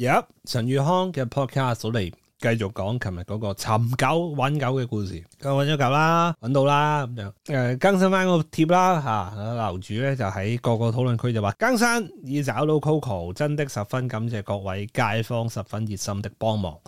入、yep，陳宇康嘅 podcast 嚟，繼續講琴日嗰個尋狗揾狗嘅故事，佢揾咗狗啦，揾到啦，咁就誒更新翻個貼啦嚇，樓主咧就喺各個討論區就話更新已找到 Coco，CO，真的十分感謝各位街坊十分熱心的幫忙。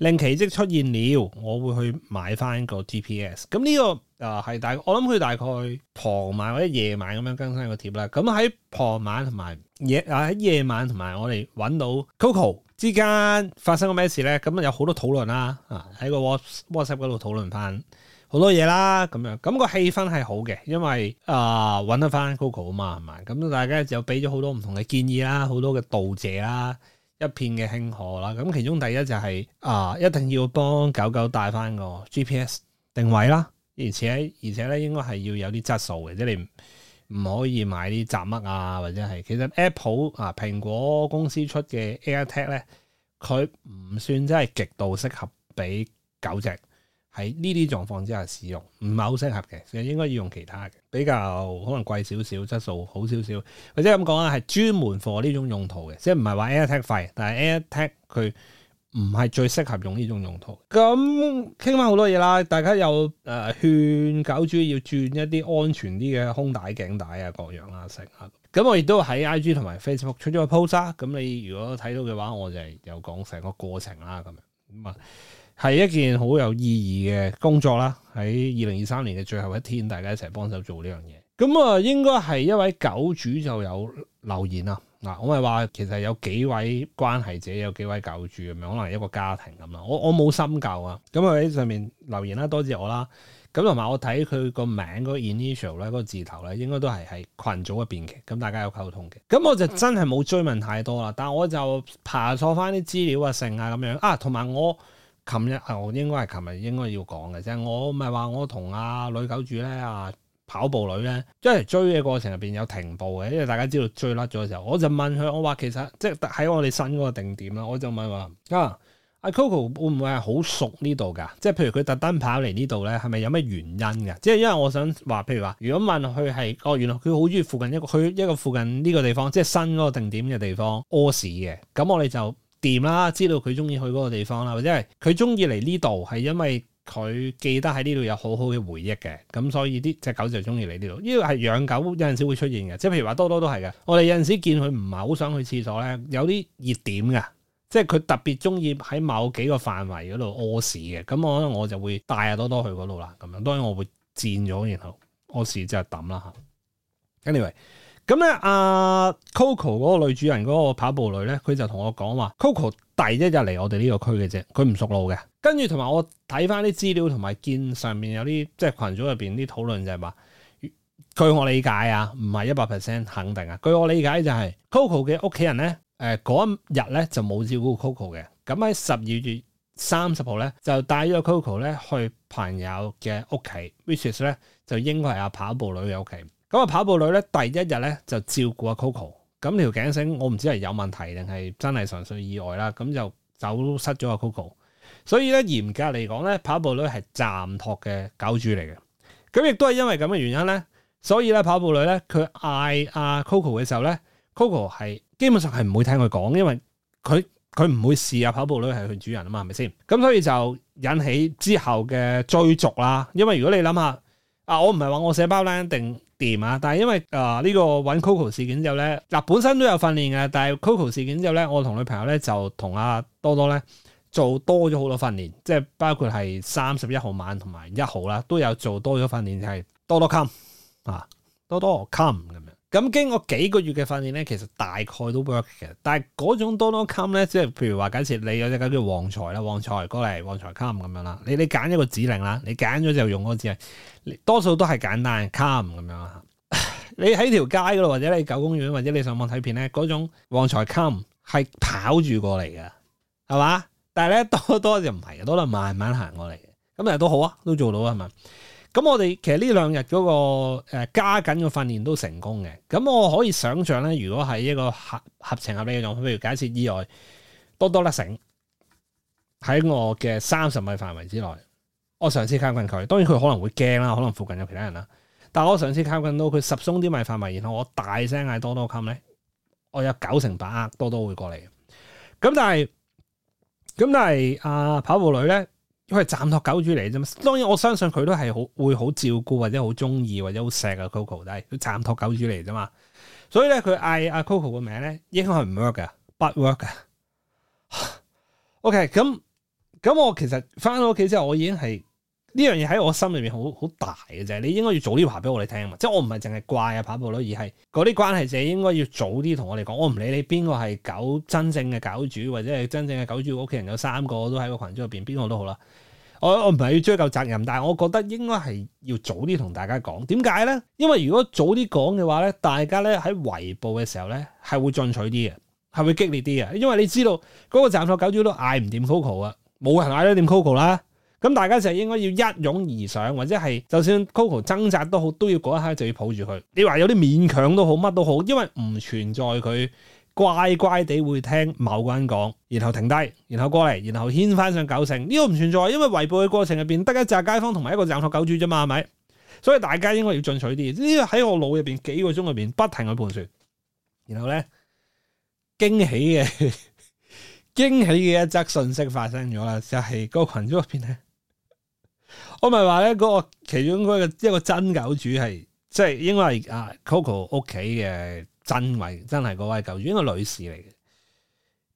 令奇蹟出現了，我會去買翻個 GPS。咁呢、呢個啊係、呃、大，我諗佢大概傍晚或者夜晚咁樣更新個貼啦。咁喺傍晚同埋夜啊喺夜晚同埋我哋揾到 Coco CO 之間發生咗咩事咧？咁有好多討論啦，啊喺個 WhatsApp 嗰度討論翻好多嘢啦，咁樣咁、咁個氣氛係好嘅，因為啊揾、呃、得翻 Coco 啊嘛，係咪？咁大家就俾咗好多唔同嘅建議啦，好多嘅道謝啦。一片嘅慶賀啦，咁其中第一就係、是、啊，一定要幫狗狗帶翻個 GPS 定位啦，而且而且咧應該係要有啲質素嘅，即係你唔可以買啲雜物啊，或者係其實 Apple 啊蘋果公司出嘅 AirTag 咧，佢唔算真係極度適合俾狗隻。喺呢啲狀況之下使用唔係好適合嘅，其實應該要用其他嘅，比較可能貴少少，質素好少少，或者咁講啊，係專門 for 呢種用途嘅，即係唔係話 AirTag 費，但係 AirTag 佢唔係最適合用呢種用途。咁傾翻好多嘢啦，大家又誒、呃、勸狗主要轉一啲安全啲嘅胸帶、頸帶啊各樣啦成啊。咁、嗯、我亦都喺 IG 同埋 Facebook 出咗個 post 啊，咁、嗯、你如果睇到嘅話，我就係有講成個過程啦，咁樣咁啊。嗯嗯。係一件好有意義嘅工作啦！喺二零二三年嘅最後一天，大家一齊幫手做呢樣嘢。咁啊，應該係一位狗主就有留言啦。嗱，我咪話其實有幾位關係者，有幾位狗主咁樣，可能一個家庭咁啦。我我冇深究啊。咁喺上面留言啦，多謝我啦。咁同埋我睇佢個名嗰個 initial 咧，嗰、那個字頭咧，應該都係喺群組入邊嘅。咁大家有溝通嘅。咁我就真係冇追問太多啦。但係我就爬錯翻啲資料等等啊、剩啊咁樣啊，同埋我。琴日我應該係琴日應該要講嘅，啫。我唔係話我同阿女狗主咧啊跑步女咧，即係追嘅過程入邊有停步嘅，因為大家知道追甩咗嘅時候，我就問佢，我話其實即係喺我哋新嗰個定點啦，我就問話啊阿 Coco 會唔會係好熟呢度嘅？即係譬如佢特登跑嚟呢度咧，係咪有咩原因嘅？即係因為我想話，譬如話，如果問佢係哦，原來佢好中意附近一個去一個附近呢個地方，即係新嗰個定點嘅地方屙屎嘅，咁我哋就。掂啦，知道佢中意去嗰個地方啦，或者係佢中意嚟呢度，係因為佢記得喺呢度有好好嘅回憶嘅，咁所以啲隻狗就中意嚟呢度。呢個係養狗有陣時會出現嘅，即係譬如話多多都係嘅。我哋有陣時見佢唔係好想去廁所咧，有啲熱點嘅，即係佢特別中意喺某幾個範圍嗰度屙屎嘅。咁我可能我就會帶阿多多去嗰度啦，咁樣當然我會佔咗，然後屙屎之後抌啦嚇。Anyway。咁咧，阿、uh, Coco 嗰個女主人嗰、那個跑步女咧，佢就同我講話，Coco 第一日嚟我哋呢個區嘅啫，佢唔熟路嘅。跟住同埋我睇翻啲資料，同埋見上面有啲即係群組入邊啲討論就係、是、話，據我理解啊，唔係一百 percent 肯定啊。據我理解就係、是、Coco 嘅屋企人咧，誒嗰日咧就冇照顧 Coco 嘅。咁喺十二月三十號咧，就帶咗 Coco 咧去朋友嘅屋企，which is 咧就應該係阿跑步女嘅屋企。咁啊，跑步女咧第一日咧就照顧阿 Coco，咁條頸繩我唔知係有問題定係真係純粹意外啦，咁就走失咗阿 Coco，所以咧嚴格嚟講咧，跑步女係暫托嘅狗主嚟嘅，咁亦都係因為咁嘅原因咧，所以咧跑步女咧佢嗌阿 Coco 嘅時候咧，Coco 係基本上係唔會聽佢講，因為佢佢唔會試下跑步女係佢主人啊嘛，係咪先？咁所以就引起之後嘅追逐啦，因為如果你諗下。啊！我唔係話我寫包咧定掂啊！但係因為啊呢、呃這個揾 Coco 事件之後咧，嗱、啊、本身都有訓練嘅，但係 Coco 事件之後咧，我同女朋友咧就同阿多多咧做多咗好多訓練，即係包括係三十一號晚同埋一號啦，都有做多咗訓練就係多多 come 啊，多多 come 咁樣。咁經過幾個月嘅訓練咧，其實大概都 work 嘅。但係嗰種多多 come 咧，即係譬如話，假設你有隻叫旺財啦，旺財過嚟，旺財 come 咁樣啦。你你揀一個指令啦，你揀咗就用嗰個指令。多數都係簡單 come 咁樣啦。你喺條街嗰度，或者你狗公園，或者你上網睇片咧，嗰種旺財 come 係跑住過嚟嘅，係嘛？但係咧多多就唔係嘅，都能慢慢行過嚟嘅。咁啊都好啊，都做到啊，係嘛？咁我哋其實呢兩日嗰個誒加緊嘅訓練都成功嘅。咁我可以想象咧，如果係一個合合情合理嘅狀況，譬如假釋假設意外，多多甩繩喺我嘅三十米範圍之內。我上次靠近佢，當然佢可能會驚啦，可能附近有其他人啦。但係我上次靠近到佢十宗啲米範圍，然後我大聲嗌多多 come 咧，我有九成把握多多會過嚟。咁但係，咁但係啊、呃，跑步女咧。因為暫託狗主嚟啫嘛，當然我相信佢都係好會好照顧或者好中意或者好錫啊 Coco，但係佢暫託狗主嚟啫嘛，所以咧佢嗌阿 Coco 嘅名咧，應該係唔 work 嘅，but work 嘅。 OK，咁、嗯、咁、嗯嗯、我其實翻到屋企之後，我已經係。呢樣嘢喺我心裏面好好大嘅啫，你應該要早啲話俾我哋聽嘛！即係我唔係淨係怪啊跑步佬，而係嗰啲關係就應該要早啲同我哋講。我唔理你邊個係狗真正嘅狗主，或者係真正嘅狗主屋企人有三個都喺個群組入邊，邊個都好啦。我我唔係要追究責任，但係我覺得應該係要早啲同大家講。點解咧？因為如果早啲講嘅話咧，大家咧喺圍捕嘅時候咧係會進取啲嘅，係會激烈啲嘅。因為你知道嗰、嗰個暫時狗主都嗌唔掂 Coco 啊，冇人嗌得掂 Coco 啦。咁大家就應該要一擁而上，或者係就算 Coco 掙扎都好，都要嗰一刻就要抱住佢。你話有啲勉強都好，乜都好，因為唔存在佢乖乖地會聽某個人講，然後停低，然後過嚟，然後牽翻上，上九成呢、這個唔存在，因為圍捕嘅過程入邊得一隻街坊同埋一個站台狗主啫嘛，係咪？所以大家應該要進取啲。呢個喺我腦入邊幾個鐘入邊不停去盤旋，然後咧驚喜嘅驚 喜嘅一則信息發生咗啦，就係、是、個群組入邊咧。我咪話咧，嗰、嗰個其中個一個真狗主係，即係應該係啊 Coco 屋企嘅真位，真係嗰位狗主，應該女士嚟嘅。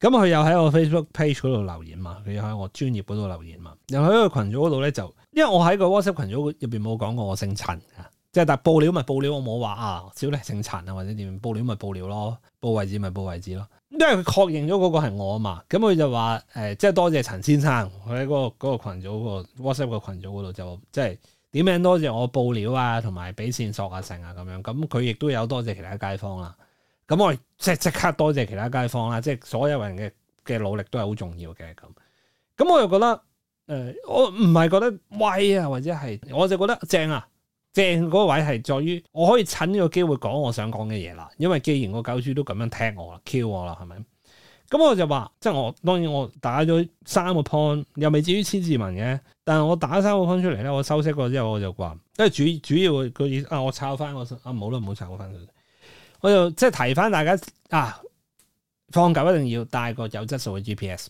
咁佢又喺我 Facebook page 度留言嘛，佢又喺我專業嗰度留言嘛，又喺個群組嗰度咧就，因為我喺個 WhatsApp 群組入邊冇講過我姓陳啊，即係但係報料咪報料，我冇話啊少咧姓陳啊或者點，報料咪報料咯，報位置咪報位置咯。因為佢確認咗嗰個係我嘛，咁佢就話誒，即、呃、係多謝陳先生，佢喺嗰個嗰、嗰個群組、嗰個 WhatsApp 個群組嗰度就即係點樣多謝我報料啊，同埋俾線索啊成啊咁樣，咁佢亦都有多謝其他街坊啦、啊，咁我即係即刻多謝其他街坊啦、啊，即係所有人嘅嘅努力都係好重要嘅咁，咁我又覺得誒、呃，我唔係覺得威啊，或者係我就覺得正啊。正嗰位係在於，我可以趁呢個機會講我想講嘅嘢啦。因為既然個狗主都咁樣踢我啦 cue 我啦，係咪？咁我就話，即係我當然我打咗三個 point，又未至於千字文嘅。但係我打咗三個 point 出嚟咧，我收息過之後我就話。因為主主要佢意思啊，我抄翻我啊，冇啦唔好抄翻佢。我就即係提翻大家啊，放假一定要帶個有質素嘅 GPS。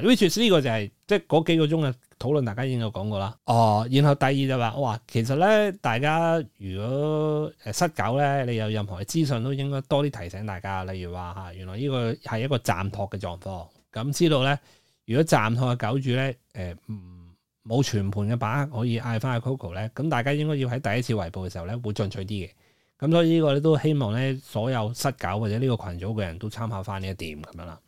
呢個就係、是、即係嗰幾個鐘嘅討論，大家已經有講過啦。哦，然後第二就話、是、哇、哦，其實咧大家如果失狗咧，你有任何嘅資訊都應該多啲提醒大家。例如話吓、啊，原來呢個係一個暫托嘅狀況，咁、嗯、知道咧，如果暫托嘅狗主咧，誒、呃，冇全盤嘅把握可以嗌翻去 Coco 咧，咁、嗯、大家應該要喺第一次圍捕嘅時候咧，會進取啲嘅。咁、嗯、所以呢個咧都希望咧，所有失狗或者呢個群組嘅人都參考翻呢一點咁樣啦。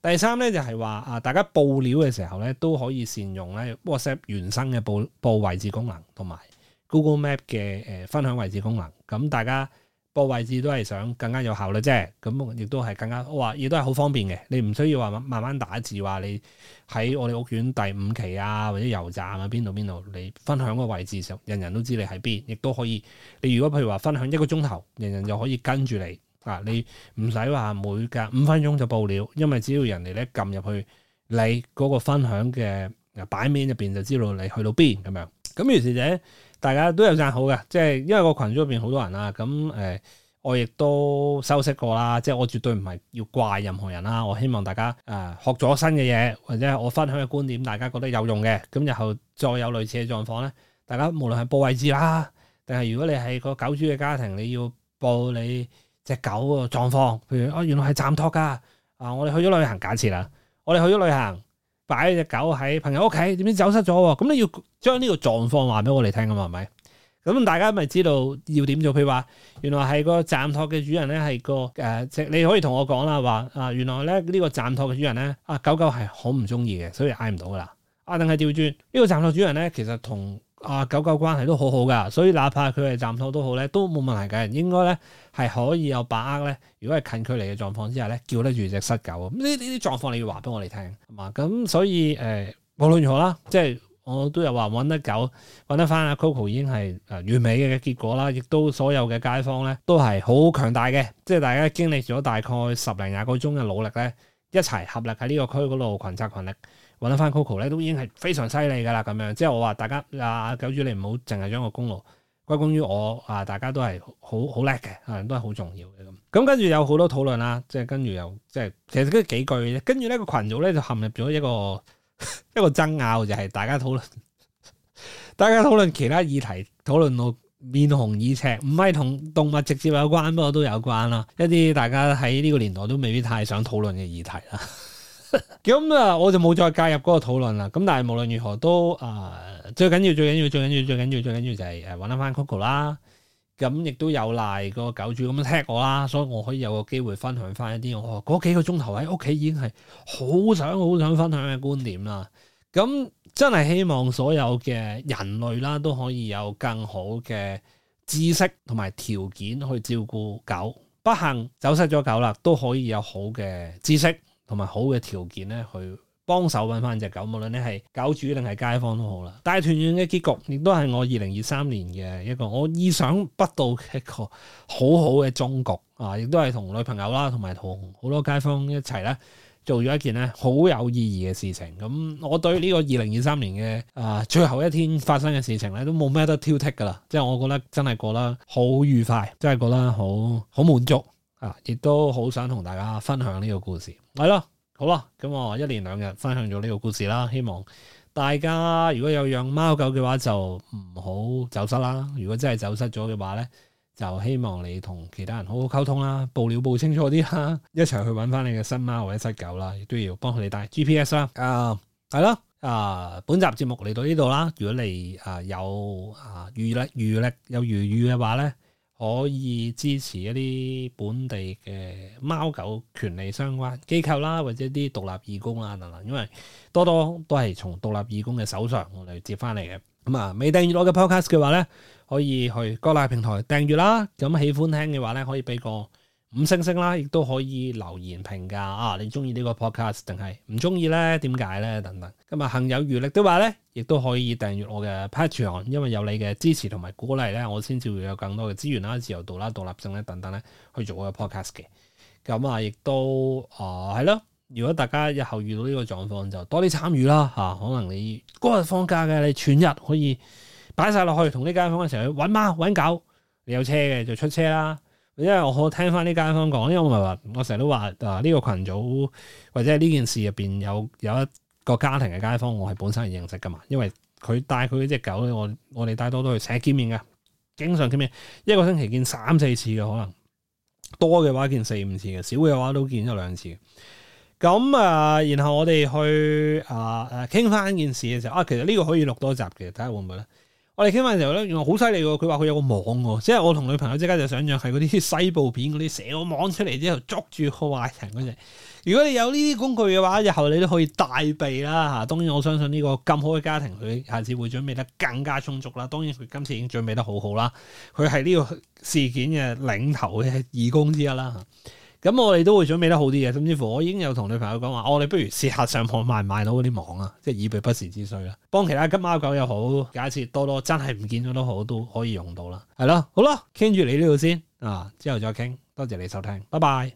第三咧就係話啊，大家報料嘅時候咧都可以善用咧 WhatsApp 原生嘅報報位置功能，同埋 Google Map 嘅誒分享位置功能。咁、嗯、大家報位置都係想更加有效率啫，咁、嗯、亦都係更加我話亦都係好方便嘅。你唔需要話慢慢打字，話你喺我哋屋苑第五期啊，或者油站啊邊度邊度，你分享個位置上，人人都知你喺邊，亦都可以。你如果譬如話分享一個鐘頭，人人又可以跟住你。啊！你唔使話每隔五分鐘就報料，因為只要人哋咧撳入去你嗰個分享嘅擺面入邊，就知道你去到邊咁樣。咁於是者，大家都有讚好嘅，即係因為個群組入邊好多人啦。咁、嗯、誒，我亦都修飾過啦，即係我絕對唔係要怪任何人啦。我希望大家誒、啊、學咗新嘅嘢，或者我分享嘅觀點，大家覺得有用嘅。咁日後再有類似嘅狀況咧，大家無論係報位置啦，定係如果你係個狗主嘅家庭，你要報你隻狗個狀況，譬如啊、哦，原來係暫托㗎，啊我哋去咗旅行，假設啦，我哋去咗旅行，擺隻狗喺朋友屋企，點知走失咗喎？咁、啊、你、嗯、要將呢個狀況話俾我哋聽㗎嘛？係咪？咁大家咪知道要點做？譬如話，原來係個暫托嘅主人咧，係個誒，即你可以同我講啦，話啊，原來咧呢、呢個暫托嘅主人咧，啊狗狗係好唔中意嘅，所以嗌唔到㗎啦。啊，定係調轉呢個暫托主人咧，其實同。啊，狗狗關係都好好噶，所以哪怕佢係暫套都好咧，都冇問題嘅。應該咧係可以有把握咧，如果係近距離嘅狀況之下咧，叫得住隻失狗。咁呢呢啲狀況你要話俾我哋聽，係嘛。咁所以誒，無論如何啦。即係我都有話揾得狗揾得翻阿 Coco 已經係誒完美嘅結果啦。亦都所有嘅街坊咧都係好強大嘅，即係大家經歷咗大概十零廿個鐘嘅努力咧，一齊合力喺呢個區嗰度群策群力。搵得翻 Coco 咧，啊，都已經係非常犀利噶啦咁樣。即係我話大家啊，狗主你唔好淨係將個功勞歸功於我啊！大家都係好好叻嘅，都係好重要嘅咁。咁、嗯、跟住有好多討論啦，即係跟住又即係其實嗰幾句跟住呢個群組咧就陷入咗一個一個爭拗，就係、是、大家討論，大家討論其他議題，討論到面紅耳赤。唔係同動物直接有關，不過都有關啦。一啲大家喺呢個年代都未必太想討論嘅議題啦。咁啊， 我就冇再介入嗰個討論啦。咁但係無論如何都誒、呃，最緊要、最緊要、最緊要、最緊要、最緊要就係誒，搵翻翻 Coco 啦。咁亦都有賴個狗主咁樣 tag 我啦，所以我可以有個機會分享翻一啲我嗰幾個鐘頭喺屋企已經係好想好想分享嘅觀點啦。咁、嗯、真係希望所有嘅人類啦都可以有更好嘅知識同埋條件去照顧狗。不幸走失咗狗啦，都可以有好嘅知識，同埋好嘅條件咧，去幫手揾翻隻狗，無論你係狗主定係街坊都好啦。但係團圓嘅結局，亦都係我二零二三年嘅一個我意想不到嘅一個好好嘅終局啊！亦都係同女朋友啦，同埋同好多街坊一齊咧，做咗一件咧好有意義嘅事情。咁我對呢個二零二三年嘅啊、呃、最後一天發生嘅事情咧，都冇咩得挑剔噶啦。即係我覺得真係過得好愉快，真係覺得好好滿足。啊！亦都好想同大家分享呢個故事，係咯，好啦，咁、嗯、我一連兩日分享咗呢個故事啦。希望大家如果有養貓狗嘅話，就唔好走失啦。如果真係走失咗嘅話咧，就希望你同其他人好好溝通啦，報料報清楚啲啦，一齊去揾翻你嘅新貓或者新狗啦，亦都要幫佢哋帶 GPS 啦。啊，係咯，啊，本集節目嚟到呢度啦。如果你啊有啊餘力餘力有餘裕嘅話咧。可以支持一啲本地嘅貓狗權利相關機構啦，或者啲獨立義工啦等等，因為多多都係從獨立義工嘅手上嚟接翻嚟嘅。咁、嗯、啊，未訂閱我嘅 podcast 嘅話咧，可以去各大平台訂閱啦。咁喜歡聽嘅話咧，可以俾個五星星啦，亦都可以留言評價啊！你中意呢個 podcast 定係唔中意咧？點解咧？等等。今日幸有餘力的話咧，亦都可以訂閱我嘅 patreon，因為有你嘅支持同埋鼓勵咧，我先至會有更多嘅資源啦、自由度啦、獨立性咧等等咧，去做我嘅 podcast 嘅。咁啊，亦都啊，係咯。如果大家日後遇到呢個狀況，就多啲參與啦嚇、啊。可能你嗰日放假嘅，你全日可以擺晒落去同呢間房一齊去揾貓揾狗。你有車嘅就出車啦。因為我好聽翻啲街坊講，因為我咪話，我成日都話啊呢、這個群組或者係呢件事入邊有有一個家庭嘅街坊，我係本身認識噶嘛。因為佢帶佢嗰隻狗咧，我我哋帶多都去成日見面嘅，經常見面，一個星期見三四次嘅可能，多嘅話見四五次嘅，少嘅話都見咗兩次。咁啊，然後我哋去啊誒傾翻件事嘅時候，啊其實呢個可以錄多集嘅，睇下會唔會咧？我哋傾嘅時候咧，原來好犀利喎！佢話佢有個網喎，即係我同女朋友即刻就想象係嗰啲西部片嗰啲射個網出嚟之後捉住壞人嗰隻。如果你有呢啲工具嘅話，日後你都可以帶備啦。吓，當然我相信呢個咁好嘅家庭，佢下次會準備得更加充足啦。當然佢今次已經準備得好好啦。佢係呢個事件嘅領頭嘅義工之一啦。咁我哋都會準備得好啲嘢，甚至乎我已經有同女朋友講話、 啊，我哋不如試下上網買唔買到嗰啲網啊，即係以備不時之需啦。幫其他金貓狗又好，假設多多真係唔見咗都好，都可以用到啦。係咯，好啦，傾住你呢度先啊，之後再傾。多謝你收聽，拜拜。